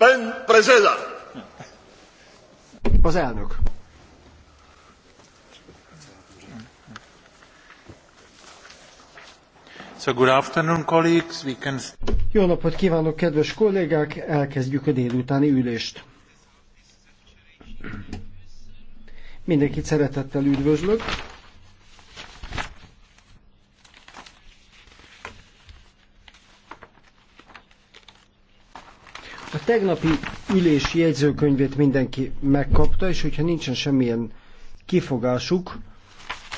Pen prezeda! Az elnök. So good afternoon, colleagues. We can... Jó napot kívánok, kedves kollégák! Elkezdjük a délutáni ülést. Mindenkit szeretettel üdvözlök. tegnapi ülés jegyzőkönyvét mindenki megkapta, és hogyha nincsen semmilyen kifogásuk,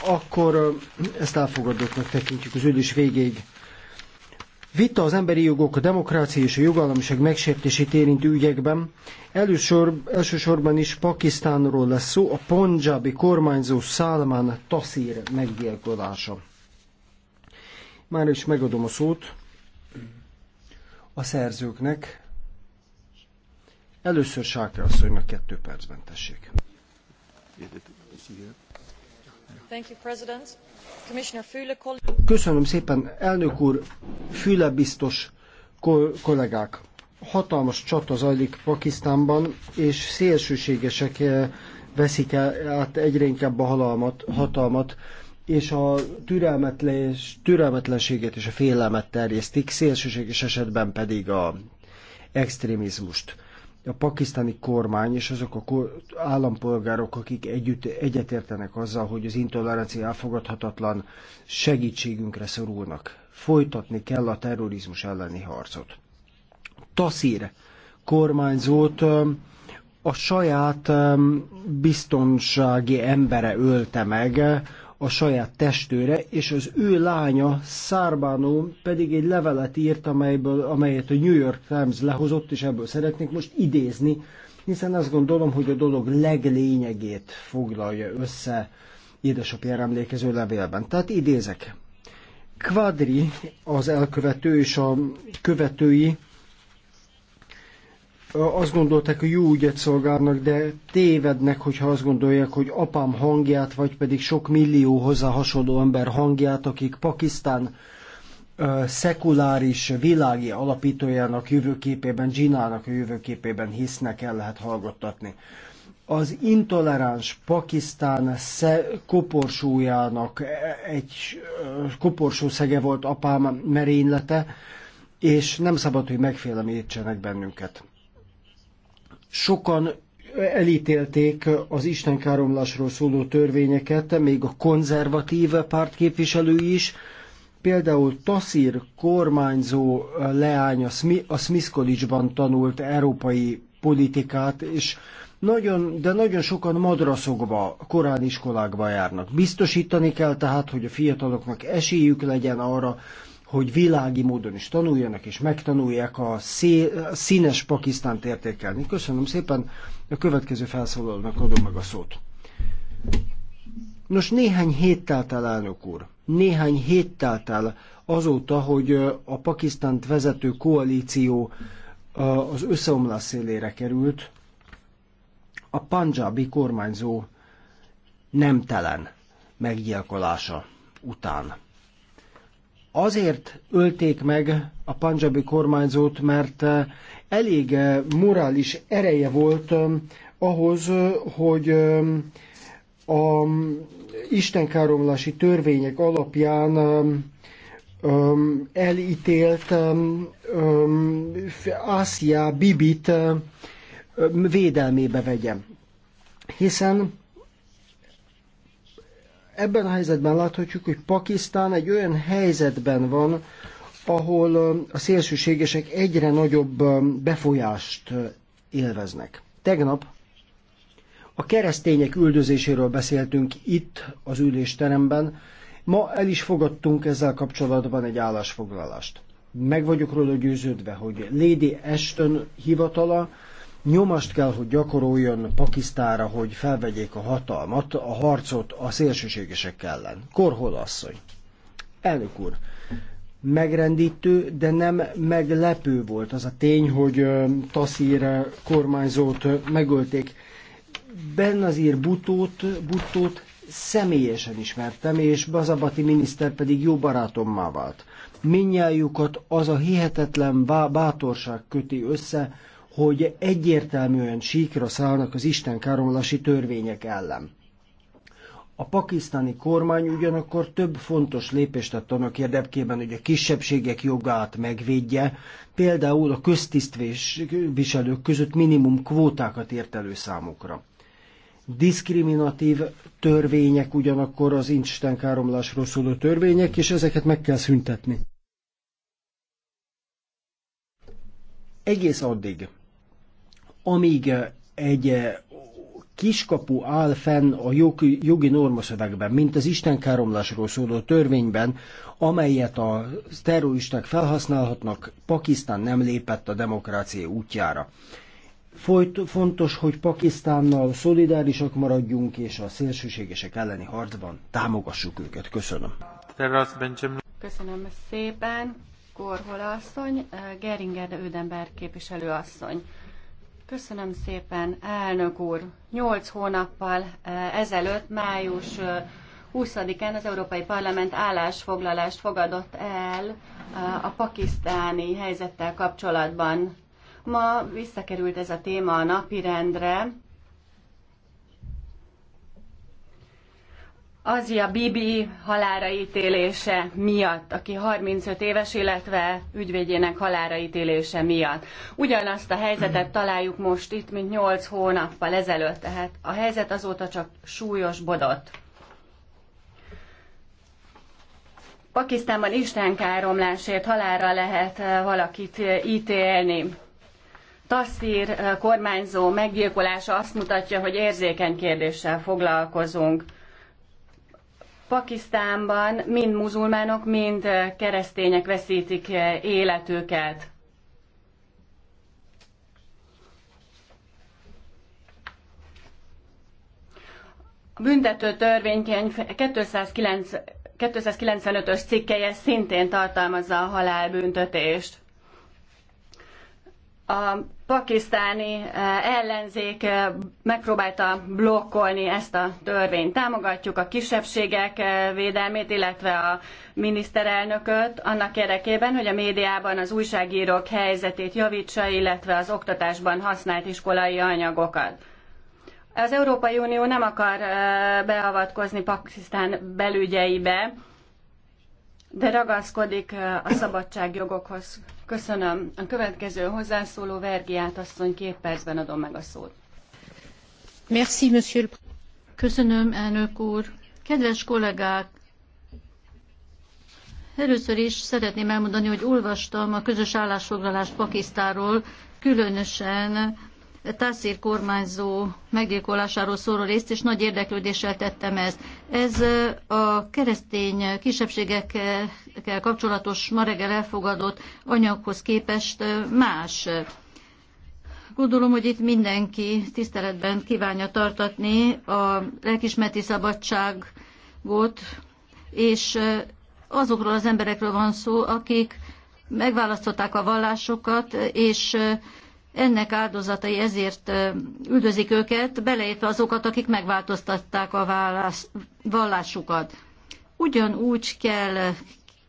akkor ezt elfogadottnak tekintjük az ülés végéig. Vita az emberi jogok, a demokrácia és a jogállamiság megsértését érintő ügyekben. Elősor, elsősorban is Pakisztánról lesz szó, a Punjabi kormányzó Salman Taszír meggyilkolása. Már is megadom a szót a szerzőknek, Először Sáke asszonynak kettő percben tessék. Köszönöm szépen, elnök úr, Füle biztos kollégák. Hatalmas csata zajlik Pakisztánban, és szélsőségesek eh, veszik el, át egyre inkább a halalmat, hatalmat, és a türelmetlenséget és a félelmet terjesztik, szélsőséges esetben pedig a extrémizmust a pakisztáni kormány és azok a állampolgárok, akik együtt egyetértenek azzal, hogy az intolerancia elfogadhatatlan, segítségünkre szorulnak. Folytatni kell a terrorizmus elleni harcot. Taszír kormányzót a saját biztonsági embere ölte meg, a saját testőre, és az ő lánya Szárbánó pedig egy levelet írt, amelyből, amelyet a New York Times lehozott, és ebből szeretnék most idézni, hiszen azt gondolom, hogy a dolog leglényegét foglalja össze édesapjára emlékező levélben. Tehát idézek. Quadri, az elkövető és a követői azt gondolták, hogy jó ügyet szolgálnak, de tévednek, hogyha azt gondolják, hogy apám hangját, vagy pedig sok millió hozzá hasonló ember hangját, akik Pakisztán szekuláris világi alapítójának jövőképében, Dzsinának a jövőképében hisznek, el lehet hallgattatni. Az intoleráns Pakisztán koporsójának e, egy koporsó szege volt apám merénylete, és nem szabad, hogy megfélemlítsenek bennünket. Sokan elítélték az istenkáromlásról szóló törvényeket, még a konzervatív párt képviselői is, például Tassir kormányzó leánya a Smith College-ban tanult európai politikát, és nagyon, de nagyon sokan madraszokba, korán iskolákba járnak. Biztosítani kell tehát, hogy a fiataloknak esélyük legyen arra, hogy világi módon is tanuljanak, és megtanulják a szél, színes Pakisztánt értékelni. Köszönöm szépen, a következő felszólalónak adom meg a szót. Nos, néhány hét telt el, elnök úr, néhány hét telt el azóta, hogy a Pakisztánt vezető koalíció az összeomlás szélére került, a panjabi kormányzó nemtelen meggyilkolása után. Azért ölték meg a panjabi kormányzót, mert eh, elég eh, morális ereje volt eh, ahhoz, hogy a mm, istenkáromlási törvények alapján elítélt Ásia Bibit védelmébe vegye. Hiszen ebben a helyzetben láthatjuk, hogy Pakisztán egy olyan helyzetben van, ahol a szélsőségesek egyre nagyobb befolyást élveznek. Tegnap a keresztények üldözéséről beszéltünk itt az ülésteremben, ma el is fogadtunk ezzel kapcsolatban egy állásfoglalást. Meg vagyok róla győződve, hogy Lady Ashton hivatala nyomást kell, hogy gyakoroljon Pakisztára, hogy felvegyék a hatalmat, a harcot a szélsőségesek ellen. Korhol asszony. Elnök úr, megrendítő, de nem meglepő volt az a tény, hogy Taszír kormányzót megölték. Bennazír Butót, Butót személyesen ismertem, és Bazabati miniszter pedig jó barátommá vált. Minnyájukat az a hihetetlen bátorság köti össze, hogy egyértelműen síkra szállnak az Isten káromlási törvények ellen. A pakisztáni kormány ugyanakkor több fontos lépést tett annak érdekében, hogy a kisebbségek jogát megvédje, például a köztisztviselők között minimum kvótákat ért elő számukra. Diszkriminatív törvények ugyanakkor az Isten káromlásról szóló törvények, és ezeket meg kell szüntetni. Egész addig, amíg eh, egy eh, kiskapu áll fenn a jogi, jogi normaszövegben, mint az káromlásról szóló törvényben, amelyet a terroristák felhasználhatnak, Pakisztán nem lépett a demokrácia útjára. Folyt, fontos, hogy Pakisztánnal szolidárisak maradjunk, és a szélsőségesek elleni harcban támogassuk őket. Köszönöm. Köszönöm szépen, Korhol asszony, Geringer Ödenberg képviselő asszony. Köszönöm szépen, elnök úr. Nyolc hónappal eh, ezelőtt, május 20-án eh, az Európai Parlament állásfoglalást fogadott el eh, a pakisztáni helyzettel kapcsolatban. Ma visszakerült ez a téma a napirendre, Azia Bibi halára ítélése miatt, aki 35 éves, illetve ügyvédjének halára ítélése miatt. Ugyanazt a helyzetet találjuk most itt, mint 8 hónappal ezelőtt, tehát a helyzet azóta csak súlyosbodott. Pakisztánban istenkáromlásért halára lehet eh, valakit eh, ítélni. Tasszír eh, kormányzó meggyilkolása azt mutatja, hogy érzékeny kérdéssel foglalkozunk. Pakisztánban mind muzulmánok, mind eh, keresztények veszítik eh, életüket. A büntető törvénykönyv 295-ös cikkeje szintén tartalmazza a halálbüntetést a pakisztáni eh, ellenzék eh, megpróbálta blokkolni ezt a törvényt. Támogatjuk a kisebbségek eh, védelmét, illetve a miniszterelnököt annak érdekében, hogy a médiában az újságírók helyzetét javítsa, illetve az oktatásban használt iskolai anyagokat. Az Európai Unió nem akar beavatkozni Pakisztán belügyeibe, de ragaszkodik a szabadságjogokhoz. Köszönöm. A következő hozzászóló Vergiát asszony két percben adom meg a szót. Merci, monsieur. Köszönöm, elnök úr. Kedves kollégák, Először is szeretném elmondani, hogy olvastam a közös állásfoglalást Pakisztáról, különösen Tászír kormányzó meggyilkolásáról szóló részt, és nagy érdeklődéssel tettem ezt. Ez a keresztény kisebbségekkel kapcsolatos ma reggel elfogadott anyaghoz képest más. Gondolom, hogy itt mindenki tiszteletben kívánja tartatni a lelkismereti szabadságot, és azokról az emberekről van szó, akik megválasztották a vallásokat, és ennek áldozatai ezért üldözik őket, beleértve azokat, akik megváltoztatták a vállás, vallásukat. Ugyanúgy kell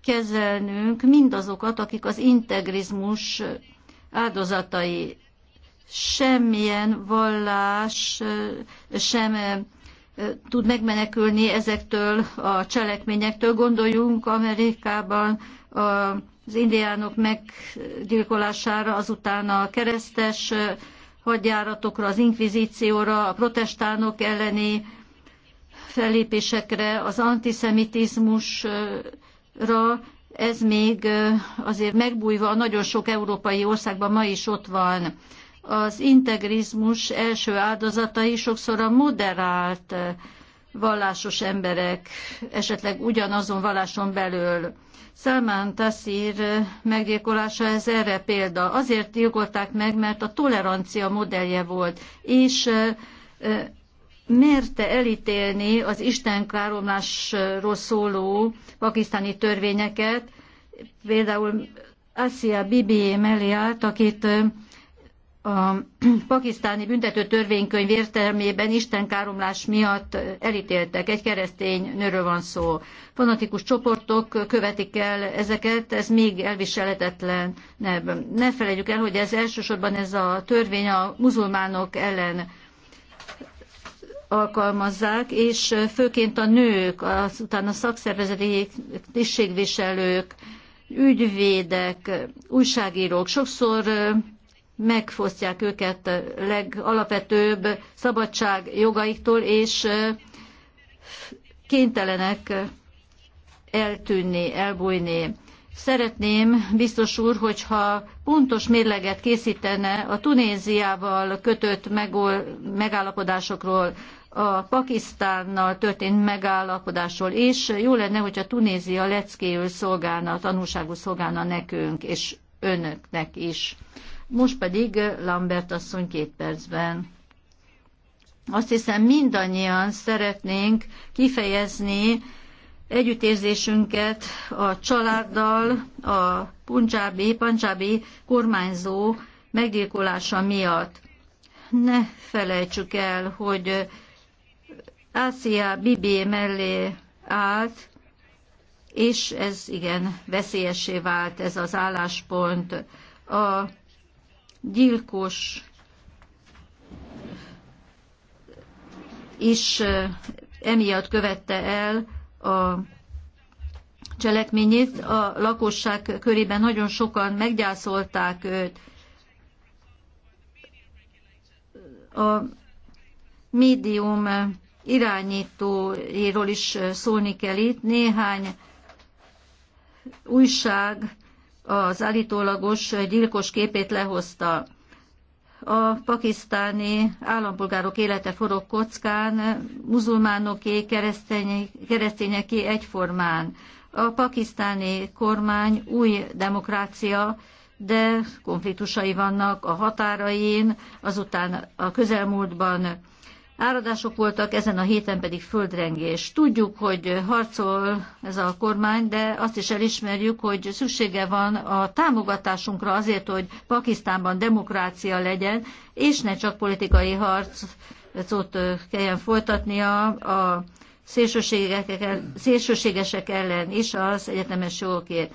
kezelnünk mindazokat, akik az integrizmus áldozatai. Semmilyen vallás sem tud megmenekülni ezektől a cselekményektől. Gondoljunk Amerikában a az indiánok meggyilkolására, azután a keresztes hadjáratokra, az inkvizícióra, a protestánok elleni fellépésekre, az antiszemitizmusra, ez még azért megbújva nagyon sok európai országban ma is ott van. Az integrizmus első áldozatai sokszor a moderált vallásos emberek, esetleg ugyanazon valláson belül. Salman Tassir meggyilkolása ez erre példa. Azért gyilkolták meg, mert a tolerancia modellje volt, és merte elítélni az Isten káromlásról szóló pakisztáni törvényeket, például Asia Bibi Meliát, akit a pakisztáni büntető törvénykönyv értelmében istenkáromlás miatt elítéltek. Egy keresztény nőről van szó. Fanatikus csoportok követik el ezeket, ez még elviselhetetlen. Ne, ne felejtjük el, hogy ez elsősorban ez a törvény a muzulmánok ellen alkalmazzák, és főként a nők, azután a szakszervezeti tisztségviselők, ügyvédek, újságírók sokszor megfosztják őket legalapvetőbb szabadság jogaiktól, és kénytelenek eltűnni, elbújni. Szeretném, biztos úr, hogyha pontos mérleget készítene a Tunéziával kötött megállapodásokról, a Pakisztánnal történt megállapodásról, és jó lenne, hogy a Tunézia leckéül szolgálna, tanulságú szolgálna nekünk, és önöknek is. Most pedig eh, Lambert asszony két percben. Azt hiszem mindannyian szeretnénk kifejezni együttérzésünket a családdal, a puncsábi, pancsábi kormányzó meggyilkolása miatt. Ne felejtsük el, hogy Ácia Bibi mellé állt, és ez igen veszélyessé vált ez az álláspont. A gyilkos is emiatt követte el a cselekményét. A lakosság körében nagyon sokan meggyászolták őt. A médium irányítóiról is szólni kell itt. Néhány újság az állítólagos gyilkos képét lehozta. A pakisztáni állampolgárok élete forog kockán, muzulmánoké, keresztényeké egyformán. A pakisztáni kormány új demokrácia, de konfliktusai vannak a határain, azután a közelmúltban Áradások voltak, ezen a héten pedig földrengés. Tudjuk, hogy harcol ez a kormány, de azt is elismerjük, hogy szüksége van a támogatásunkra azért, hogy Pakisztánban demokrácia legyen, és ne csak politikai harcot kelljen folytatnia a szélsőségesek ellen is az egyetemes jogokért.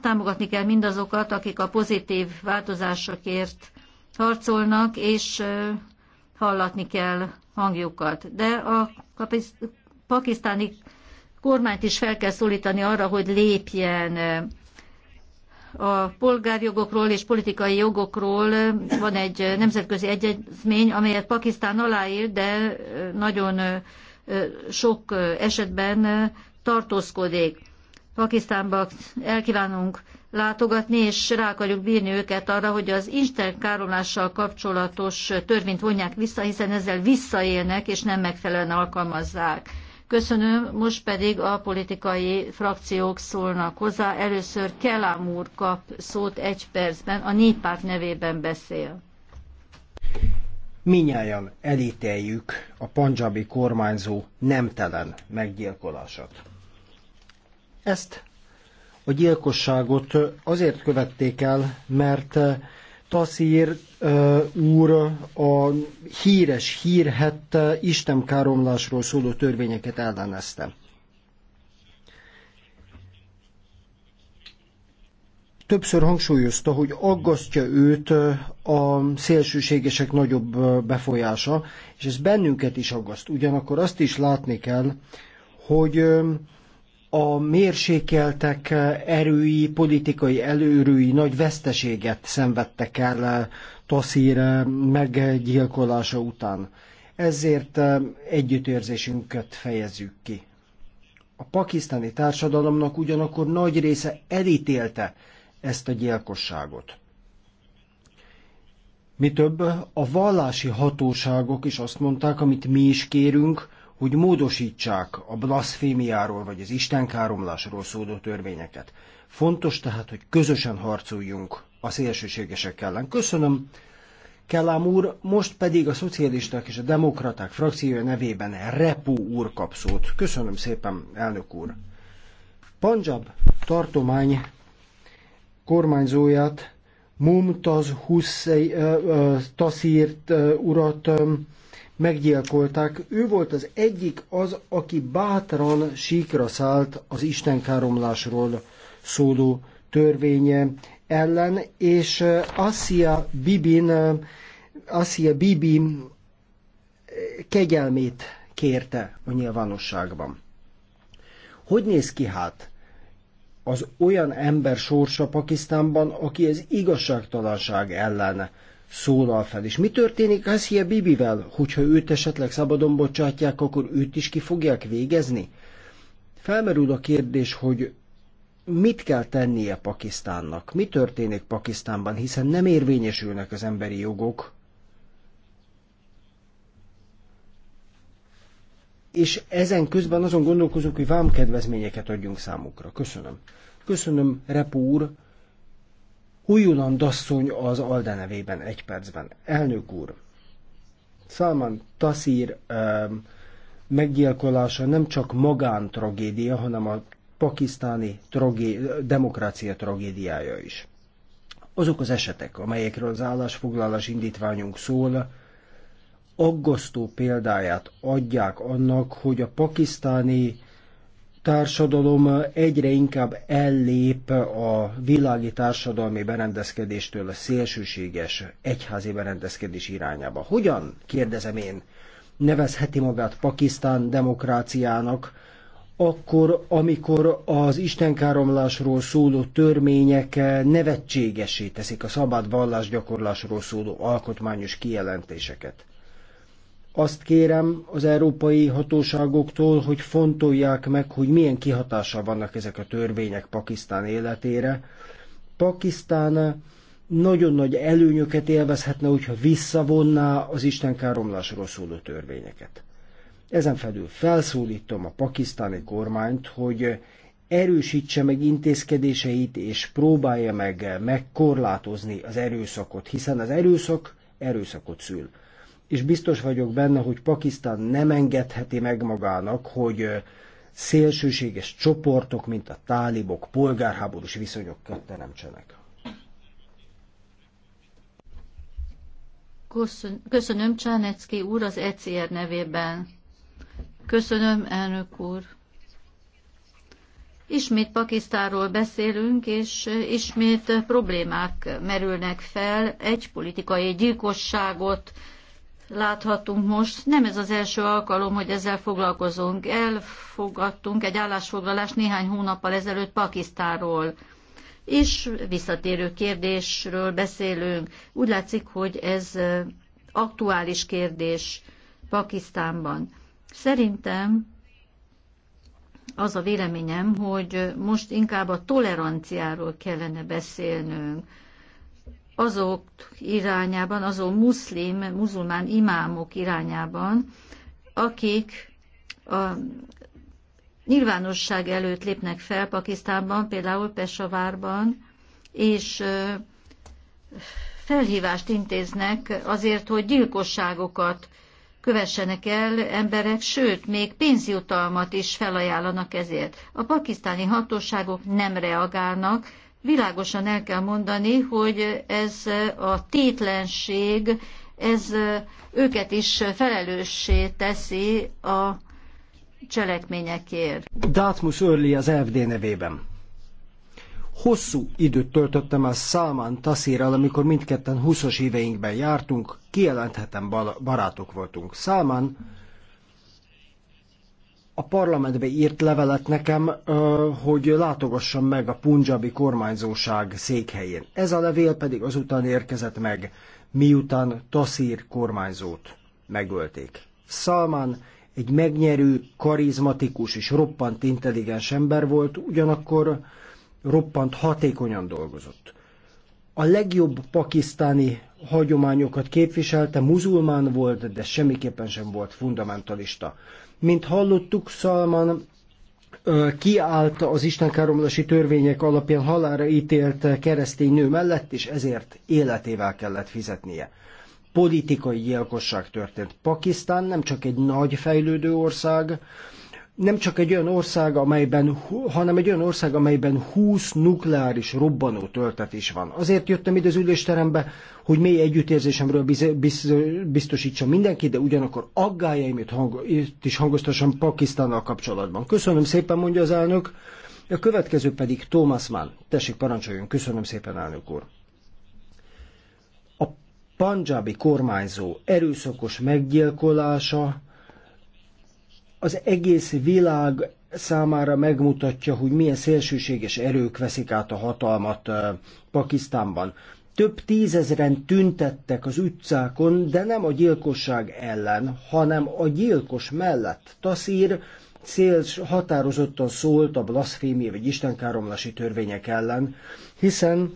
Támogatni kell mindazokat, akik a pozitív változásokért harcolnak, és hallatni kell hangjukat. De a pakisztáni kormányt is fel kell szólítani arra, hogy lépjen a polgárjogokról és politikai jogokról van egy nemzetközi egyezmény, amelyet Pakisztán aláír, de nagyon sok esetben tartózkodik. Pakisztánba elkívánunk látogatni, és rá akarjuk bírni őket arra, hogy az Isten károlással kapcsolatos törvényt vonják vissza, hiszen ezzel visszaélnek, és nem megfelelően alkalmazzák. Köszönöm, most pedig a politikai frakciók szólnak hozzá. Először Kelám úr kap szót egy percben, a néppárt nevében beszél. Minnyáján elítéljük a panjabi kormányzó nemtelen meggyilkolását. Ezt a gyilkosságot azért követték el, mert Taszír úr a híres, hírhett káromlásról szóló törvényeket ellenezte. Többször hangsúlyozta, hogy aggasztja őt a szélsőségesek nagyobb befolyása, és ez bennünket is aggaszt. Ugyanakkor azt is látni kell, hogy a mérsékeltek erői, politikai előrűi nagy veszteséget szenvedtek el Taszír meggyilkolása után. Ezért együttérzésünket fejezzük ki. A pakisztáni társadalomnak ugyanakkor nagy része elítélte ezt a gyilkosságot. Mi több, a vallási hatóságok is azt mondták, amit mi is kérünk, hogy módosítsák a blasfémiáról vagy az istenkáromlásról szóló törvényeket. Fontos tehát, hogy közösen harcoljunk a szélsőségesek ellen. Köszönöm, Kellám úr, most pedig a szocialisták és a demokraták frakciója nevében Repu úr kap szót. Köszönöm szépen, elnök úr. Panjab tartomány kormányzóját Mumtaz Hussein uh, uh, Tasírt uh, urat um, meggyilkolták. Ő volt az egyik az, aki bátran síkra szállt az káromlásról szóló törvénye ellen, és eh, Asszia Bibin, eh, Asszia Bibi eh, kegyelmét kérte a nyilvánosságban. Hogy néz ki hát az olyan ember sorsa Pakisztánban, aki az igazságtalanság ellen szólal fel. És mi történik Hassia Bibivel? Hogyha őt esetleg szabadon bocsátják, akkor őt is ki fogják végezni? Felmerül a kérdés, hogy mit kell tennie Pakisztánnak? Mi történik Pakisztánban, hiszen nem érvényesülnek az emberi jogok? És ezen közben azon gondolkozunk, hogy vámkedvezményeket adjunk számukra. Köszönöm. Köszönöm, Repúr. úr. Újuland asszony az Alde nevében egy percben. Elnök úr, Salman Tasir um, meggyilkolása nem csak magán tragédia, hanem a pakisztáni tragé- demokrácia tragédiája is. Azok az esetek, amelyekről az állásfoglalás indítványunk szól, aggasztó példáját adják annak, hogy a pakisztáni társadalom egyre inkább ellép a világi társadalmi berendezkedéstől a szélsőséges egyházi berendezkedés irányába. Hogyan, kérdezem én, nevezheti magát Pakisztán demokráciának, akkor, amikor az istenkáromlásról szóló törmények nevetségesé teszik a szabad vallásgyakorlásról szóló alkotmányos kijelentéseket. Azt kérem az európai hatóságoktól, hogy fontolják meg, hogy milyen kihatással vannak ezek a törvények Pakisztán életére. Pakisztán nagyon nagy előnyöket élvezhetne, hogyha visszavonná az káromlásról szóló törvényeket. Ezen felül felszólítom a pakisztáni kormányt, hogy erősítse meg intézkedéseit, és próbálja meg megkorlátozni az erőszakot, hiszen az erőszak erőszakot szül és biztos vagyok benne, hogy Pakisztán nem engedheti meg magának, hogy szélsőséges csoportok, mint a tálibok polgárháborús viszonyokat teremtsenek. Köszönöm Csánecki úr az ECR nevében. Köszönöm, elnök úr. Ismét Pakisztánról beszélünk, és ismét problémák merülnek fel. Egy politikai gyilkosságot láthatunk most. Nem ez az első alkalom, hogy ezzel foglalkozunk. Elfogadtunk egy állásfoglalást néhány hónappal ezelőtt Pakisztánról. És visszatérő kérdésről beszélünk. Úgy látszik, hogy ez aktuális kérdés Pakisztánban. Szerintem az a véleményem, hogy most inkább a toleranciáról kellene beszélnünk azok irányában, azon muszlim, muzulmán imámok irányában, akik a nyilvánosság előtt lépnek fel Pakisztánban, például Pesavárban, és felhívást intéznek azért, hogy gyilkosságokat kövessenek el emberek, sőt, még pénzjutalmat is felajánlanak ezért. A pakisztáni hatóságok nem reagálnak, világosan el kell mondani, hogy ez a tétlenség, ez őket is felelőssé teszi a cselekményekért. Dátmus Örli az FD nevében. Hosszú időt töltöttem el Salman Tassirral, amikor mindketten 20-as éveinkben jártunk, kijelenthetem barátok voltunk. Salman a parlamentbe írt levelet nekem, hogy látogassam meg a Punjabi kormányzóság székhelyén. Ez a levél pedig azután érkezett meg, miután Taszír kormányzót megölték. Salman egy megnyerő, karizmatikus és roppant intelligens ember volt, ugyanakkor roppant hatékonyan dolgozott. A legjobb pakisztáni hagyományokat képviselte, muzulmán volt, de semmiképpen sem volt fundamentalista. Mint hallottuk, Szalman kiállt az káromlási törvények alapján halára ítélt keresztény nő mellett, és ezért életével kellett fizetnie. Politikai gyilkosság történt. Pakisztán nem csak egy nagy fejlődő ország, nem csak egy olyan ország, amelyben, hanem egy olyan ország, amelyben 20 nukleáris robbanó is van. Azért jöttem ide az ülésterembe, hogy mély együttérzésemről biztosítsam mindenki, de ugyanakkor aggájaimat hang, is hangoztassam Pakisztánnal kapcsolatban. Köszönöm szépen, mondja az elnök. A következő pedig Thomas Mann. Tessék, parancsoljon. Köszönöm szépen, elnök úr panjábi kormányzó erőszakos meggyilkolása az egész világ számára megmutatja, hogy milyen szélsőséges erők veszik át a hatalmat Pakisztánban. Több tízezren tüntettek az utcákon, de nem a gyilkosság ellen, hanem a gyilkos mellett. Taszír széls határozottan szólt a blaszfémia vagy istenkáromlási törvények ellen, hiszen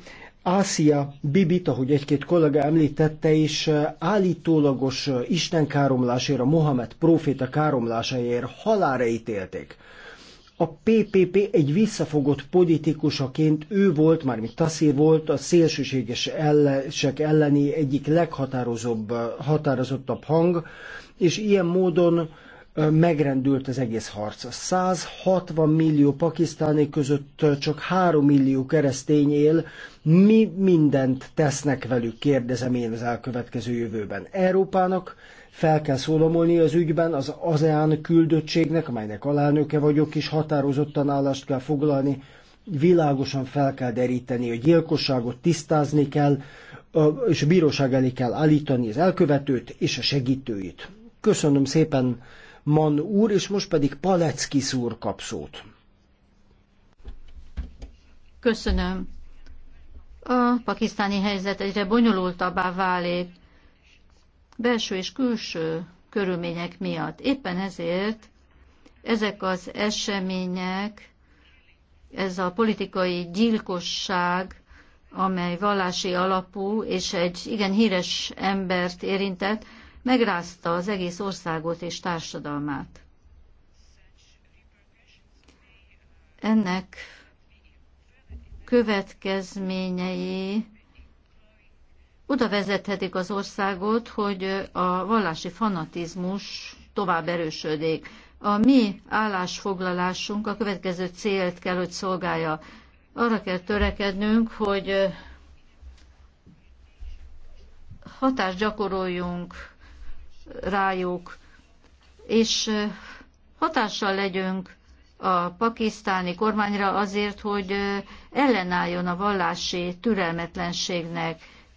Ásia Bibit, ahogy egy-két kollega említette is, állítólagos Isten káromlásért, Mohamed próféta káromlásáért halára ítélték. A PPP egy visszafogott politikusaként ő volt, mármint Taszír volt, a szélsőséges ellensek elleni egyik leghatározóbb, határozottabb hang, és ilyen módon megrendült az egész harc. 160 millió pakisztáni között csak 3 millió keresztény él. Mi mindent tesznek velük, kérdezem én az elkövetkező jövőben. Európának fel kell szólomolni az ügyben, az ASEAN küldöttségnek, amelynek alelnöke vagyok, is határozottan állást kell foglalni, világosan fel kell deríteni a gyilkosságot, tisztázni kell, és a bíróság elé kell állítani az elkövetőt és a segítőit. Köszönöm szépen Mann úr, és most pedig Palecki úr kap szót. Köszönöm. A pakisztáni helyzet egyre bonyolultabbá válik, belső és külső körülmények miatt. Éppen ezért ezek az események, ez a politikai gyilkosság, amely vallási alapú, és egy igen híres embert érintett, megrázta az egész országot és társadalmát. Ennek következményei oda vezethetik az országot, hogy a vallási fanatizmus tovább erősödik. A mi állásfoglalásunk a következő célt kell, hogy szolgálja. Arra kell törekednünk, hogy hatást gyakoroljunk rájuk, és hatással legyünk a pakisztáni kormányra azért, hogy ellenálljon a vallási türelmetlenségnek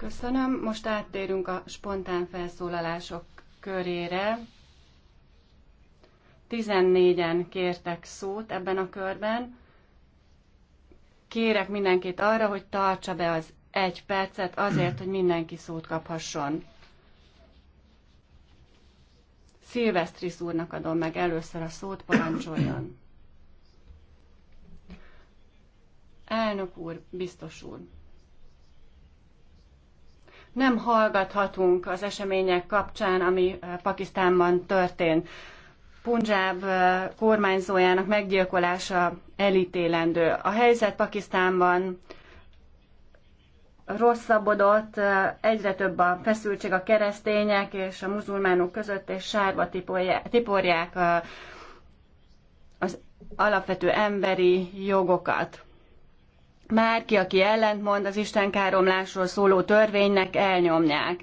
Köszönöm. Most áttérünk a spontán felszólalások körére. 14-en kértek szót ebben a körben. Kérek mindenkit arra, hogy tartsa be az egy percet azért, hogy mindenki szót kaphasson. Szilvesztris úrnak adom meg először a szót, parancsoljon. Elnök úr, biztos úr nem hallgathatunk az események kapcsán, ami Pakisztánban történt. Punjab kormányzójának meggyilkolása elítélendő. A helyzet Pakisztánban rosszabbodott, egyre több a feszültség a keresztények és a muzulmánok között, és sárva tiporják az alapvető emberi jogokat. Márki, aki ellentmond az istenkáromlásról szóló törvénynek, elnyomják.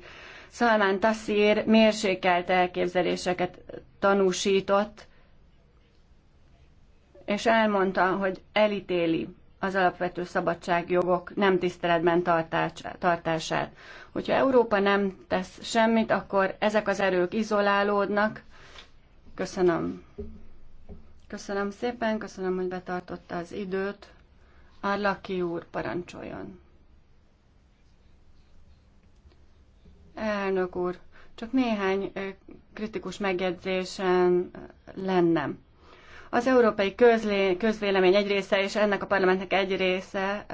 Szalmán Tasszír mérsékelt elképzeléseket tanúsított, és elmondta, hogy elítéli az alapvető szabadságjogok nem tiszteletben tartását. Hogyha Európa nem tesz semmit, akkor ezek az erők izolálódnak. Köszönöm. Köszönöm szépen, köszönöm, hogy betartotta az időt. Arlaki úr, parancsoljon. Elnök úr, csak néhány kritikus megjegyzésen lenne. Az európai közlé, közvélemény egy része és ennek a parlamentnek egy része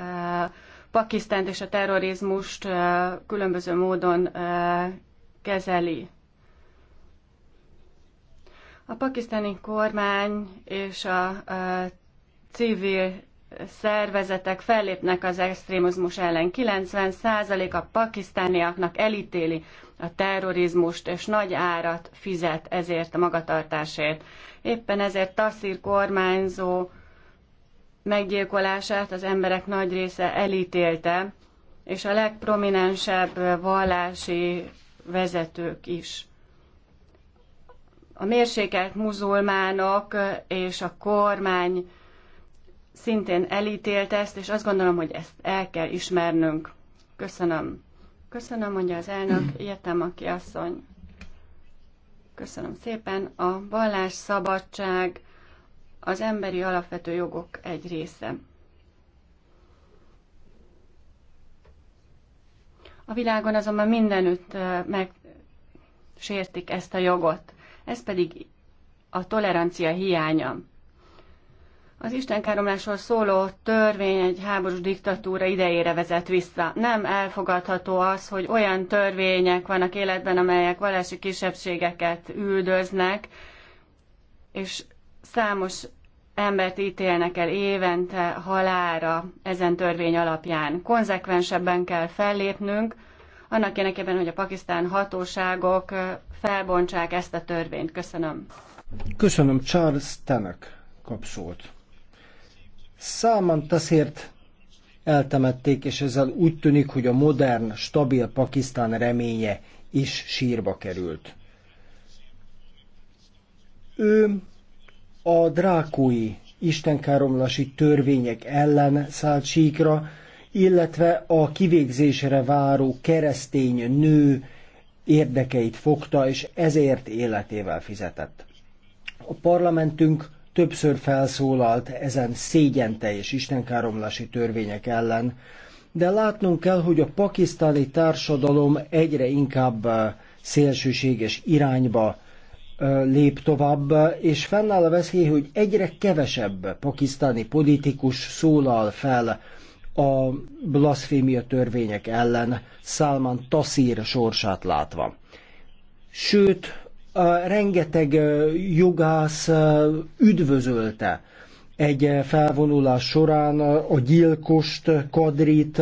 Pakisztánt és a terrorizmust különböző módon kezeli. A pakisztáni kormány és a, a civil szervezetek fellépnek az extrémizmus ellen. 90% a pakisztániaknak elítéli a terrorizmust, és nagy árat fizet ezért a magatartásért. Éppen ezért Tassir kormányzó meggyilkolását az emberek nagy része elítélte, és a legprominensebb vallási vezetők is. A mérsékelt muzulmánok és a kormány szintén elítélt ezt, és azt gondolom, hogy ezt el kell ismernünk. Köszönöm. Köszönöm, mondja az elnök, értem a kiasszony. Köszönöm szépen. A vallás szabadság az emberi alapvető jogok egy része. A világon azonban mindenütt megsértik ezt a jogot. Ez pedig a tolerancia hiánya. Az istenkáromlásról szóló törvény egy háborús diktatúra idejére vezet vissza. Nem elfogadható az, hogy olyan törvények vannak életben, amelyek vallási kisebbségeket üldöznek, és számos embert ítélnek el évente halára ezen törvény alapján. Konzekvensebben kell fellépnünk, annak érdekében, hogy a pakisztán hatóságok felbontsák ezt a törvényt. Köszönöm. Köszönöm, Charles Tenek kap Száman teszért eltemették, és ezzel úgy tűnik, hogy a modern, stabil Pakisztán reménye is sírba került. Ő a drákói istenkáromlási törvények ellen szállt síkra, illetve a kivégzésre váró keresztény nő érdekeit fogta, és ezért életével fizetett. A parlamentünk többször felszólalt ezen szégyente és istenkáromlási törvények ellen, de látnunk kell, hogy a pakisztáni társadalom egyre inkább szélsőséges irányba lép tovább, és fennáll a veszély, hogy egyre kevesebb pakisztáni politikus szólal fel a blasfémia törvények ellen Salman Tassir sorsát látva. Sőt, rengeteg jogász üdvözölte egy felvonulás során a gyilkost, kadrit,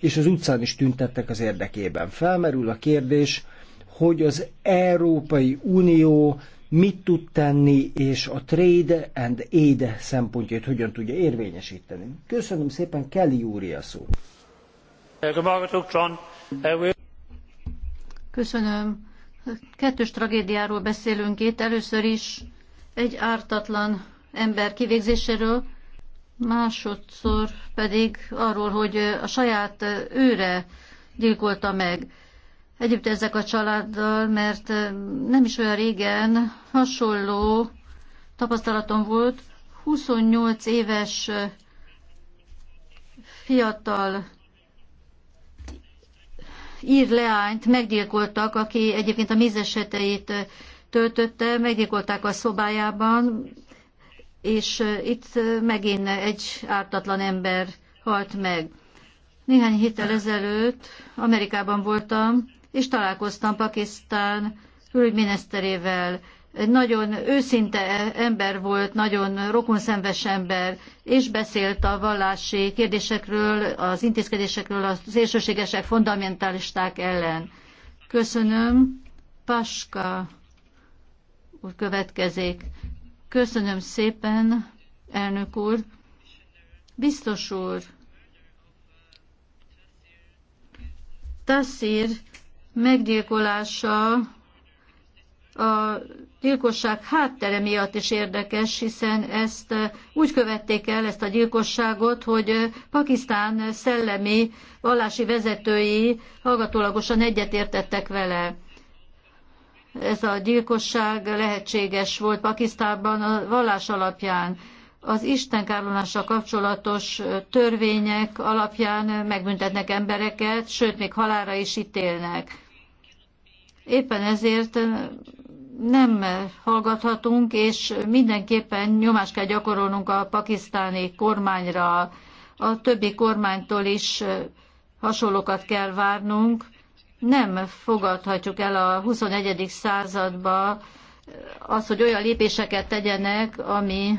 és az utcán is tüntettek az érdekében. Felmerül a kérdés, hogy az Európai Unió mit tud tenni, és a trade and aid szempontjait hogyan tudja érvényesíteni. Köszönöm szépen, Kelly úri a szó. Uh, Köszönöm. Kettős tragédiáról beszélünk itt. Először is egy ártatlan ember kivégzéséről, másodszor pedig arról, hogy a saját őre gyilkolta meg. Együtt ezek a családdal, mert nem is olyan régen hasonló tapasztalatom volt, 28 éves fiatal ír leányt meggyilkoltak, aki egyébként a mizeseteit töltötte, meggyilkolták a szobájában, és itt megint egy ártatlan ember halt meg. Néhány héttel ezelőtt Amerikában voltam, és találkoztam Pakisztán külügyminiszterével egy nagyon őszinte ember volt, nagyon rokonszenves ember, és beszélt a vallási kérdésekről, az intézkedésekről, az szélsőségesek, fundamentalisták ellen. Köszönöm. Paska úr következik. Köszönöm szépen, elnök úr. Biztos úr. Tassir meggyilkolása a gyilkosság háttere miatt is érdekes, hiszen ezt eh, úgy követték el, ezt a gyilkosságot, hogy eh, Pakisztán szellemi vallási vezetői hallgatólagosan egyetértettek vele. Ez a gyilkosság lehetséges volt Pakisztánban a vallás alapján. Az Isten kapcsolatos eh, törvények alapján megbüntetnek embereket, sőt, még halára is ítélnek. Éppen ezért nem hallgathatunk, és mindenképpen nyomást kell gyakorolnunk a pakisztáni kormányra, a többi kormánytól is hasonlókat kell várnunk. Nem fogadhatjuk el a 21. századba az, hogy olyan lépéseket tegyenek, ami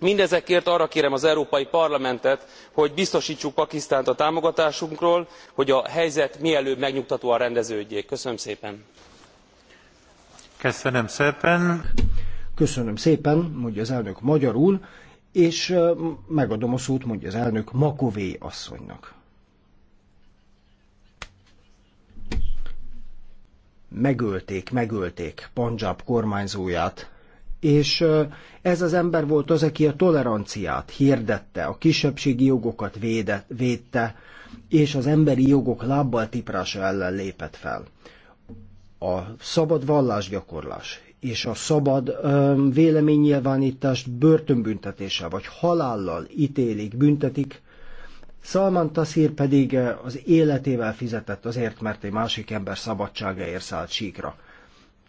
mindezekért arra kérem az európai parlamentet hogy biztostsuk pakisztánt a támogatásunkról hogy a helyzet mielőbb megnyugtatóan rendeződjék. köszönöm szépen! Köszönöm szépen. Köszönöm szépen, mondja az elnök magyarul, és megadom a szót, mondja az elnök Makové asszonynak. Megölték, megölték Pandzsáb kormányzóját, és ez az ember volt az, aki a toleranciát hirdette, a kisebbségi jogokat véde, védte, és az emberi jogok lábbal tiprása ellen lépett fel. A szabad vallásgyakorlás és a szabad öm, véleménynyilvánítást börtönbüntetéssel vagy halállal ítélik, büntetik, Salman Tassir pedig az életével fizetett azért, mert egy másik ember szabadságáért szállt síkra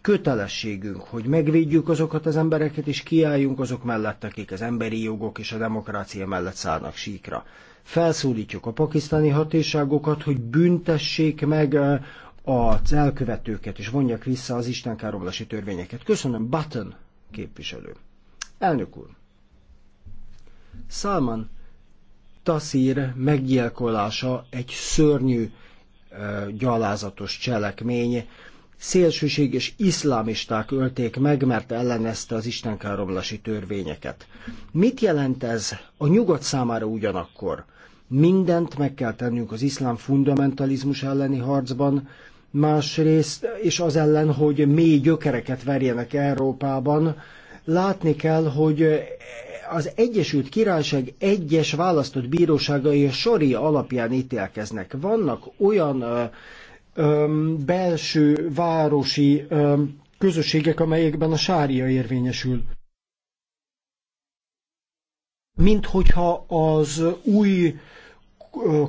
kötelességünk, hogy megvédjük azokat az embereket, és kiálljunk azok mellett, akik az emberi jogok és a demokrácia mellett szállnak síkra. Felszólítjuk a pakisztáni hatóságokat, hogy büntessék meg az elkövetőket, és vonják vissza az istenkáromlási törvényeket. Köszönöm, Button képviselő. Elnök úr. Salman Tasir meggyilkolása egy szörnyű, gyalázatos cselekmény, szélsőséges iszlámisták ölték meg, mert ellenezte az istenkáromlási törvényeket. Mit jelent ez a nyugat számára ugyanakkor? Mindent meg kell tennünk az iszlám fundamentalizmus elleni harcban, másrészt és az ellen, hogy mély gyökereket verjenek Európában. Látni kell, hogy az Egyesült Királyság egyes választott bíróságai a sori alapján ítélkeznek. Vannak olyan uh, öm, belső városi öm, közösségek, amelyekben a sária érvényesül. Mint hogyha az új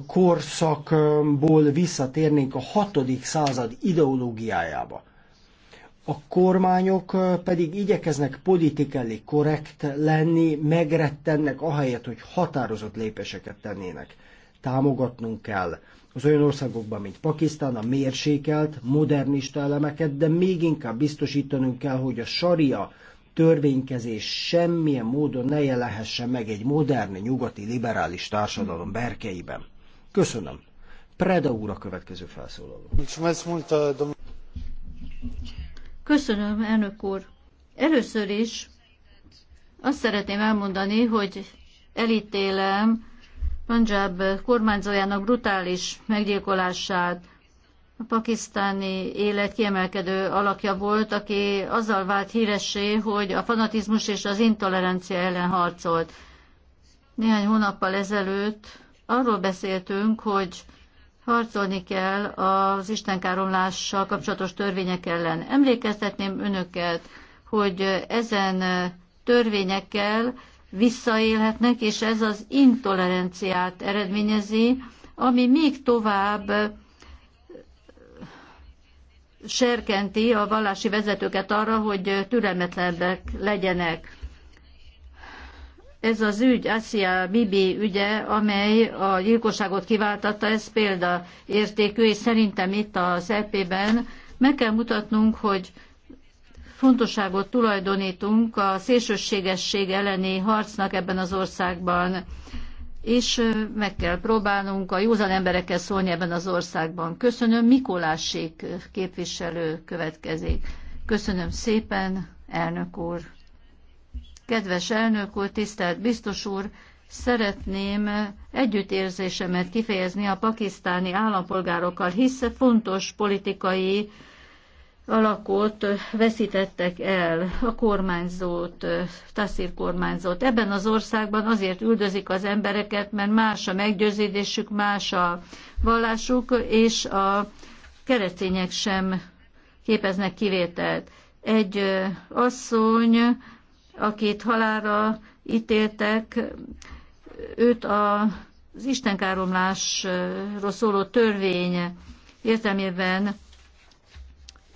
korszakból visszatérnénk a hatodik század ideológiájába. A kormányok pedig igyekeznek politikai korrekt lenni, megrettennek ahelyett, hogy határozott lépéseket tennének. Támogatnunk kell az olyan országokban, mint Pakisztán, a mérsékelt, modernista elemeket, de még inkább biztosítanunk kell, hogy a saria törvénykezés semmilyen módon ne jelenhessen meg egy modern, nyugati, liberális társadalom berkeiben. Köszönöm. Preda úr a következő felszólaló. Köszönöm, elnök úr. Először is azt szeretném elmondani, hogy elítélem Punjab kormányzójának brutális meggyilkolását. A pakisztáni élet kiemelkedő alakja volt, aki azzal vált híressé, hogy a fanatizmus és az intolerancia ellen harcolt. Néhány hónappal ezelőtt arról beszéltünk, hogy harcolni kell az istenkáromlással kapcsolatos törvények ellen. Emlékeztetném önöket, hogy ezen törvényekkel visszaélhetnek, és ez az intoleranciát eredményezi, ami még tovább serkenti a vallási vezetőket arra, hogy türelmetlenek legyenek. Ez az ügy, Asia Bibi ügye, amely a gyilkosságot kiváltatta, ez példaértékű, és szerintem itt az EP-ben meg kell mutatnunk, hogy fontosságot tulajdonítunk a szélsőségesség elleni harcnak ebben az országban, és meg kell próbálnunk a józan emberekkel szólni ebben az országban. Köszönöm, Mikolásék képviselő következik. Köszönöm szépen, elnök úr. Kedves elnök úr, tisztelt biztos úr, szeretném együttérzésemet kifejezni a pakisztáni állampolgárokkal, hisz fontos politikai alakot veszítettek el, a kormányzót, Tasszír kormányzót. Ebben az országban azért üldözik az embereket, mert más a meggyőződésük, más a vallásuk, és a keresztények sem képeznek kivételt. Egy asszony, akit halára ítéltek, őt a, az istenkáromlásról szóló törvény értelmében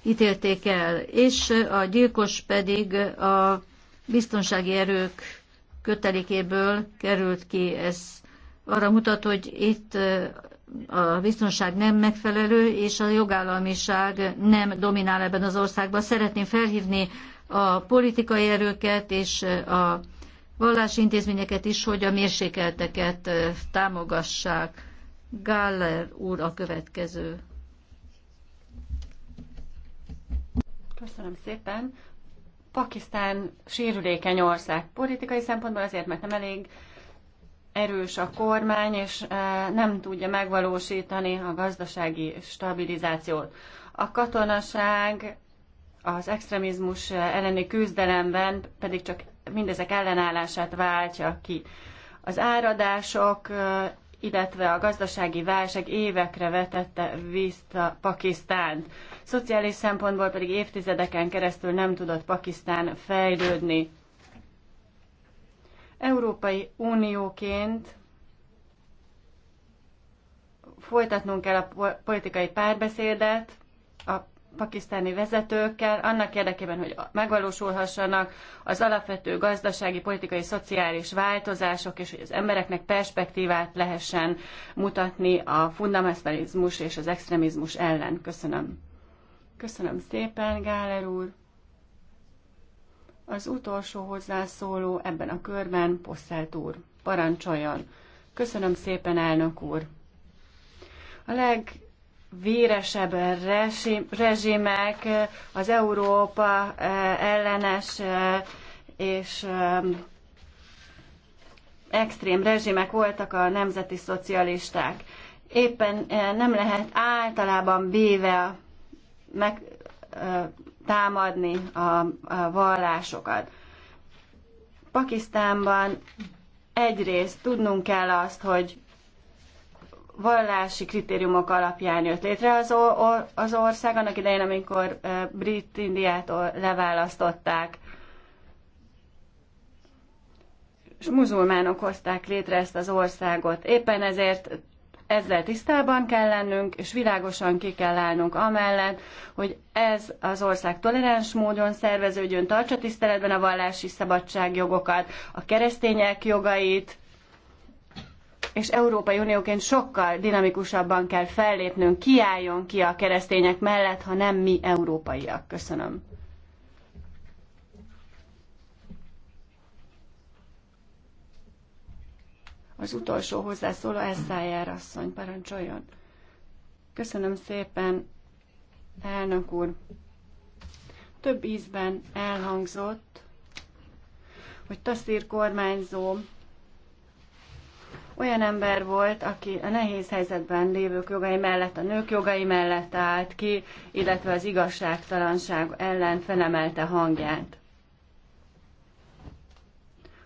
ítélték el, és a gyilkos pedig a biztonsági erők kötelékéből került ki. Ez arra mutat, hogy itt a biztonság nem megfelelő, és a jogállamiság nem dominál ebben az országban. Szeretném felhívni a politikai erőket és a vallási intézményeket is, hogy a mérsékelteket támogassák. Gáller úr a következő. Köszönöm szépen. Pakisztán sérülékeny ország politikai szempontból, azért, mert nem elég erős a kormány, és e, nem tudja megvalósítani a gazdasági stabilizációt. A katonaság az extremizmus elleni küzdelemben pedig csak mindezek ellenállását váltja ki. Az áradások e, illetve a gazdasági válság évekre vetette vissza Pakisztánt. Szociális szempontból pedig évtizedeken keresztül nem tudott Pakisztán fejlődni. Európai Unióként folytatnunk kell a politikai párbeszédet, a pakisztáni vezetőkkel, annak érdekében, hogy megvalósulhassanak az alapvető gazdasági, politikai, szociális változások, és hogy az embereknek perspektívát lehessen mutatni a fundamentalizmus és az extremizmus ellen. Köszönöm. Köszönöm szépen, Gáler úr. Az utolsó hozzászóló ebben a körben Posszelt úr. Parancsoljon. Köszönöm szépen, elnök úr. A leg véresebb rezsimek, az Európa e, ellenes e, és e, extrém rezsimek voltak a nemzeti szocialisták. Éppen nem lehet általában véve meg támadni a, a vallásokat. Pakisztánban egyrészt tudnunk kell azt, hogy vallási kritériumok alapján jött létre az, or- az ország, annak idején, amikor Brit Indiától leválasztották. És muzulmánok hozták létre ezt az országot. Éppen ezért ezzel tisztában kell lennünk, és világosan ki kell állnunk amellett, hogy ez az ország toleráns módon szerveződjön, tartsa tiszteletben a vallási szabadságjogokat, a keresztények jogait, és Európai Unióként sokkal dinamikusabban kell fellépnünk, kiálljon ki a keresztények mellett, ha nem mi európaiak. Köszönöm. Az utolsó hozzászóló Eszájár asszony, parancsoljon. Köszönöm szépen, elnök úr. Több ízben elhangzott, hogy Taszír kormányzó olyan ember volt, aki a nehéz helyzetben lévők jogai mellett, a nők jogai mellett állt ki, illetve az igazságtalanság ellen felemelte hangját.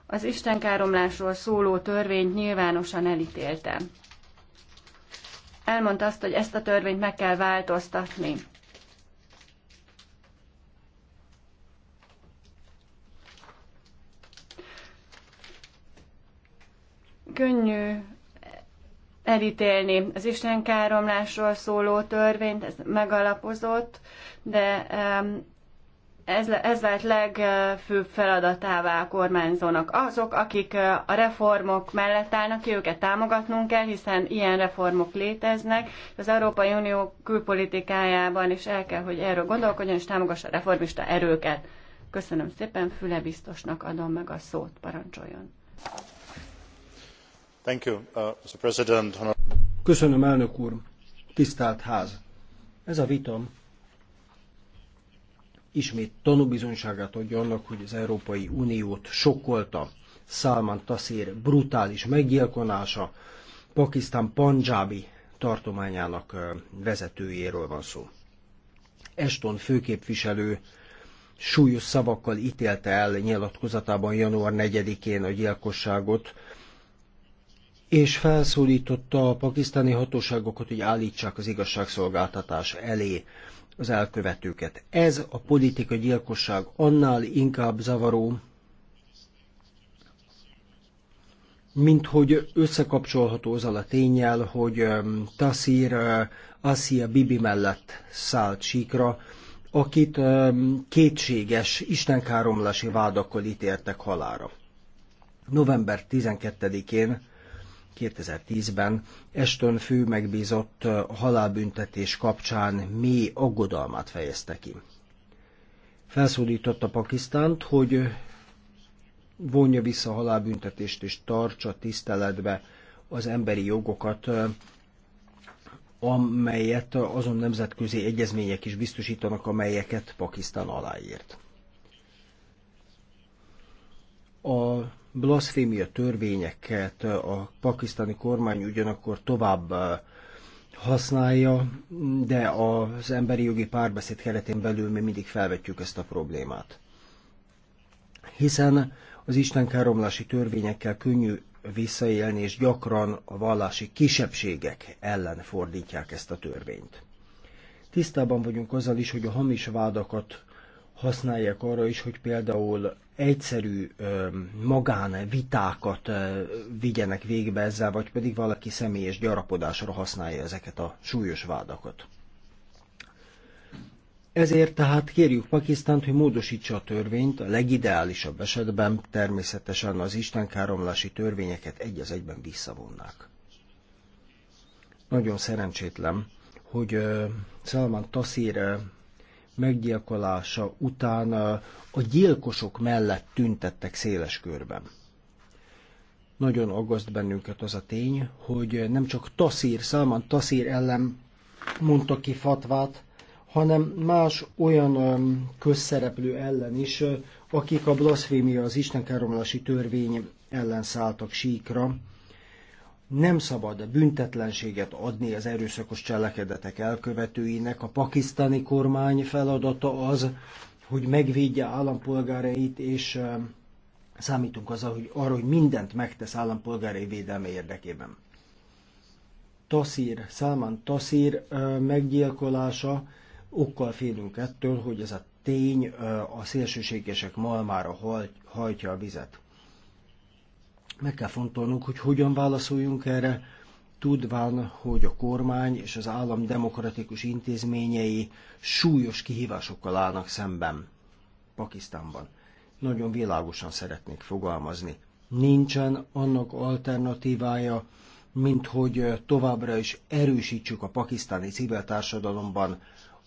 Az istenkáromlásról szóló törvényt nyilvánosan elítélte. Elmondta azt, hogy ezt a törvényt meg kell változtatni. könnyű elítélni. Az istenkáromlásról szóló törvényt, ez megalapozott, de ez, ez lett legfőbb feladatává a kormányzónak. Azok, akik a reformok mellett állnak ki, őket támogatnunk kell, hiszen ilyen reformok léteznek. Az Európai Unió külpolitikájában is el kell, hogy erről gondolkodjon, és támogassa a reformista erőket. Köszönöm szépen, Füle biztosnak adom meg a szót, parancsoljon. Uh, Köszönöm, elnök úr! Tisztelt ház! Ez a vita ismét tanúbizonyságát adja annak, hogy az Európai Uniót sokkolta Salman Tasir brutális meggyilkolása, Pakisztán Panjabi tartományának uh, vezetőjéről van szó. Eston főképviselő súlyos szavakkal ítélte el nyilatkozatában január 4-én a gyilkosságot, és felszólította a pakisztáni hatóságokat, hogy állítsák az igazságszolgáltatás elé az elkövetőket. Ez a politika gyilkosság annál inkább zavaró, mint hogy összekapcsolható azzal a tényel, hogy Tassir eh, Asia Bibi mellett szállt síkra, akit kétséges istenkáromlási vádakkal ítéltek halára. November 12-én 2010-ben Eston fő megbízott halálbüntetés kapcsán mély aggodalmát fejezte ki. Felszólította Pakisztánt, hogy vonja vissza a halálbüntetést és tartsa tiszteletbe az emberi jogokat, amelyet azon nemzetközi egyezmények is biztosítanak, amelyeket Pakisztán aláírt. A blaszfémia törvényeket a pakisztáni kormány ugyanakkor tovább eh, használja, de az emberi jogi párbeszéd keretén belül mi mindig felvetjük ezt a problémát. Hiszen az káromlási törvényekkel könnyű visszaélni, és gyakran a vallási kisebbségek ellen fordítják ezt a törvényt. Tisztában vagyunk azzal is, hogy a hamis vádakat használják arra is, hogy például egyszerű vitákat vigyenek végbe ezzel, vagy pedig valaki személyes gyarapodásra használja ezeket a súlyos vádakat. Ezért tehát kérjük Pakisztánt, hogy módosítsa a törvényt, a legideálisabb esetben természetesen az istenkáromlási törvényeket egy az egyben visszavonnák. Nagyon szerencsétlen, hogy Salman Tassir meggyilkolása után a gyilkosok mellett tüntettek széles körben. Nagyon aggaszt bennünket az a tény, hogy nem csak Taszír, Salman Taszír ellen mondta ki fatvát, hanem más olyan közszereplő ellen is, akik a blasfémia, az káromlási törvény ellen szálltak síkra, nem szabad a büntetlenséget adni az erőszakos cselekedetek elkövetőinek. A pakisztáni kormány feladata az, hogy megvédje állampolgárait, és számítunk azzal, hogy arra, hogy mindent megtesz állampolgárai védelme érdekében. Tasír, Salman Tasír meggyilkolása, okkal félünk ettől, hogy ez a tény a szélsőségesek malmára hajtja a vizet. Meg kell fontolnunk, hogy hogyan válaszoljunk erre, tudván, hogy a kormány és az állam demokratikus intézményei súlyos kihívásokkal állnak szemben Pakisztánban. Nagyon világosan szeretnék fogalmazni. Nincsen annak alternatívája, mint hogy továbbra is erősítsük a pakisztáni civil társadalomban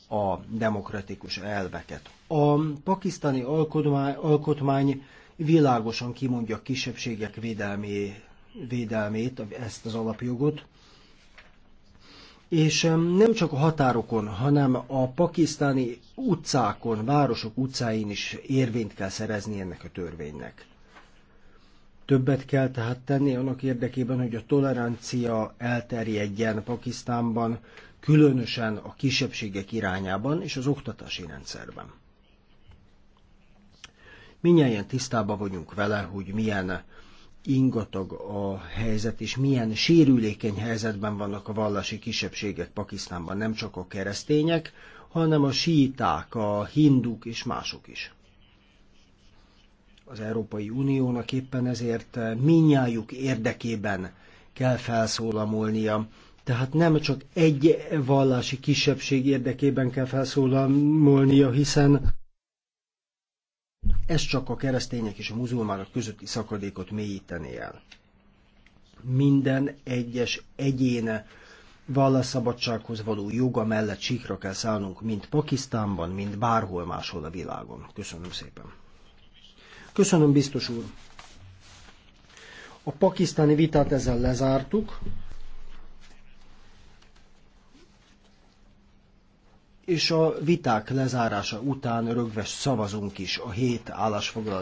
a demokratikus elveket. A pakisztáni alkotmány, alkotmány világosan kimondja a kisebbségek védelmi, védelmét, ezt az alapjogot. És nem csak a határokon, hanem a pakisztáni utcákon, városok utcáin is érvényt kell szerezni ennek a törvénynek. Többet kell tehát tenni annak érdekében, hogy a tolerancia elterjedjen Pakisztánban, különösen a kisebbségek irányában és az oktatási rendszerben. Minnyáján tisztában vagyunk vele, hogy milyen ingatag a helyzet, és milyen sérülékeny helyzetben vannak a vallási kisebbségek Pakisztánban, nem csak a keresztények, hanem a síták, a hinduk és mások is. Az Európai Uniónak éppen ezért minnyájuk érdekében kell felszólamolnia, tehát nem csak egy vallási kisebbség érdekében kell felszólalnia, hiszen ez csak a keresztények és a muzulmánok közötti szakadékot mélyíteni el. Minden egyes egyéne vallásszabadsághoz való joga mellett síkra kell szállnunk, mint Pakisztánban, mint bárhol máshol a világon. Köszönöm szépen. Köszönöm, biztos úr. A pakisztáni vitát ezzel lezártuk. és a viták lezárása után rögves szavazunk is a hét állásfoglalás